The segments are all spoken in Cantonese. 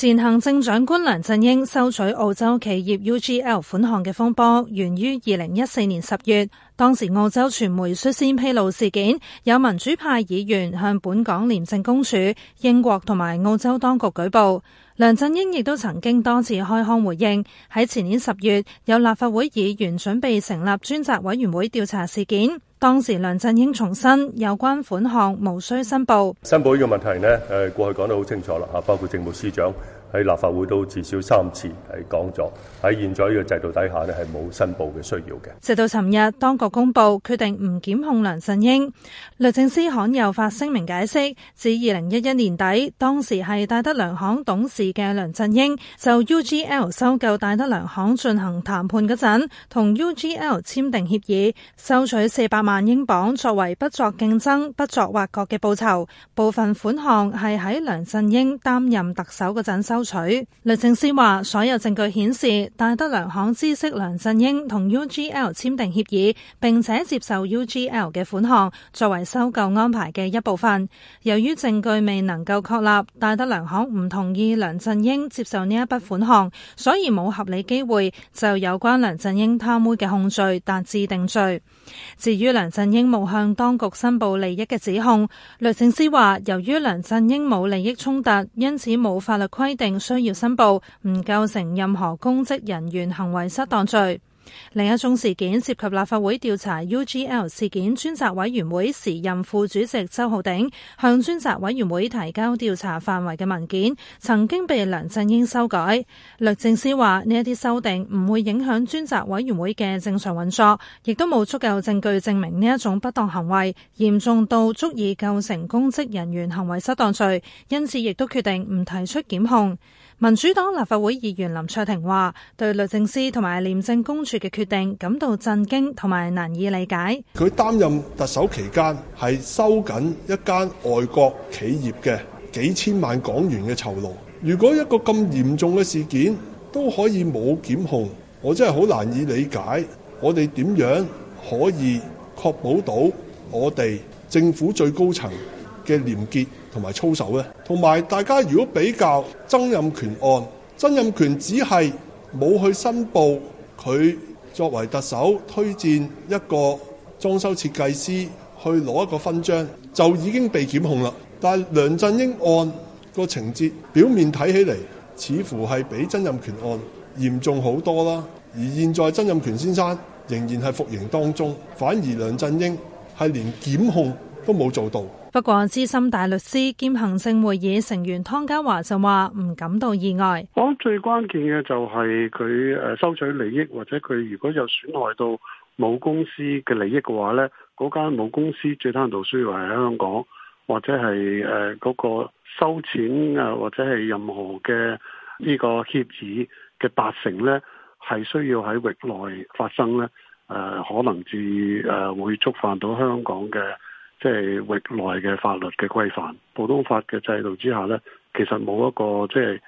前行政長官梁振英收取澳洲企業 UGL 款項嘅風波，源於二零一四年十月。當時澳洲傳媒率先披露事件，有民主派議員向本港廉政公署、英國同埋澳洲當局舉報。梁振英亦都曾經多次開腔回應，喺前年十月有立法會議員準備成立專責委員會調查事件，當時梁振英重申有關款項無需申報。申報呢個問題呢，誒，過去講得好清楚啦，吓，包括政務司長。喺立法會都至少三次係講咗，喺現在呢個制度底下呢係冇申報嘅需要嘅。直到尋日，當局公佈決定唔檢控梁振英，律政司罕有發聲明解釋，自二零一一年底，當時係戴德梁行董事嘅梁振英，就 UGL 收購戴德梁行進行談判嗰陣，同 UGL 簽訂協議，收取四百萬英磅作為不作競爭、不作挖角嘅報酬，部分款項係喺梁振英擔任特首嗰陣收取律政司話，所有證據顯示戴德梁行知悉梁振英同 UGL 簽訂協議，並且接受 UGL 嘅款項作為收購安排嘅一部分。由於證據未能夠確立，戴德梁行唔同意梁振英接受呢一筆款項，所以冇合理機會就有關梁振英貪污嘅控罪達至定罪。至於梁振英冇向當局申報利益嘅指控，律政司話，由於梁振英冇利益衝突，因此冇法律規定。需要申報，唔構成任何公職人員行為失當罪。另一宗事件涉及立法會調查 UGL 事件專責委員會時任副主席周浩鼎向專責委員會提交調查範圍嘅文件，曾經被梁振英修改。律政司話呢一啲修訂唔會影響專責委員會嘅正常運作，亦都冇足夠證據證明呢一種不當行為嚴重到足以構成公職人員行為失當罪，因此亦都決定唔提出檢控。民主黨立法會議員林卓廷話，對律政司同埋廉政公署嘅決定感到震驚同埋難以理解。佢擔任特首期間係收緊一間外國企業嘅幾千萬港元嘅酬勞。如果一個咁嚴重嘅事件都可以冇檢控，我真係好難以理解。我哋點樣可以確保到我哋政府最高層嘅廉潔同埋操守咧，同埋大家如果比較曾蔭權案，曾蔭權只係冇去申報佢作為特首推薦一個裝修設計師去攞一個勳章，就已經被檢控啦。但係梁振英案個情節表面睇起嚟，似乎係比曾蔭權案嚴重好多啦。而現在曾蔭權先生仍然係服刑當中，反而梁振英係連檢控都冇做到。不過資深大律師兼行政會議成員湯家驊就話唔感到意外。我覺得最關鍵嘅就係佢誒收取利益，或者佢如果有損害到母公司嘅利益嘅話呢，嗰間母公司最低度需要係香港，或者係誒嗰個收錢啊，或者係任何嘅呢個協議嘅達成呢，係需要喺域內發生呢，誒可能至誒會觸犯到香港嘅。即係域內嘅法律嘅規範，普通法嘅制度之下呢，其實冇一個即係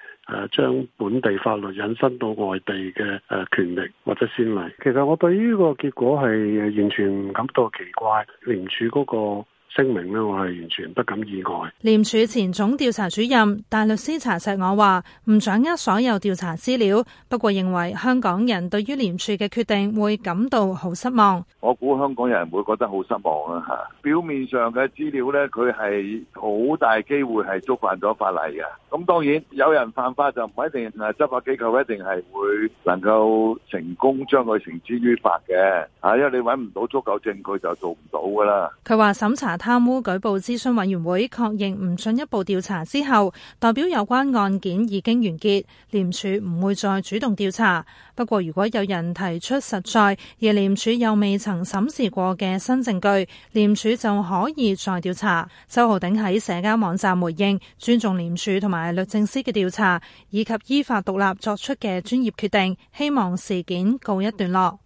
誒將本地法律引申到外地嘅誒、啊、權力或者先例。其實我對於呢個結果係完全唔感到奇怪，廉署嗰、那個。聲明呢，我係完全不感意外。廉署前總調查主任大律師查錫我話，唔掌握所有調查資料，不過認為香港人對於廉署嘅決定會感到好失望。我估香港人會覺得好失望啊！吓，表面上嘅資料呢，佢係好大機會係觸犯咗法例嘅。咁當然有人犯法就唔一定誒，執法機構一定係會能夠成功將佢繩之於法嘅。啊，因為你揾唔到足夠證據就做唔到噶啦。佢話審查。貪污舉報諮詢委員會確認唔進一步調查之後，代表有關案件已經完結，廉署唔會再主動調查。不過，如果有人提出實在，而廉署又未曾審視過嘅新證據，廉署就可以再調查。周浩鼎喺社交網站回應：尊重廉署同埋律政司嘅調查，以及依法獨立作出嘅專業決定，希望事件告一段落。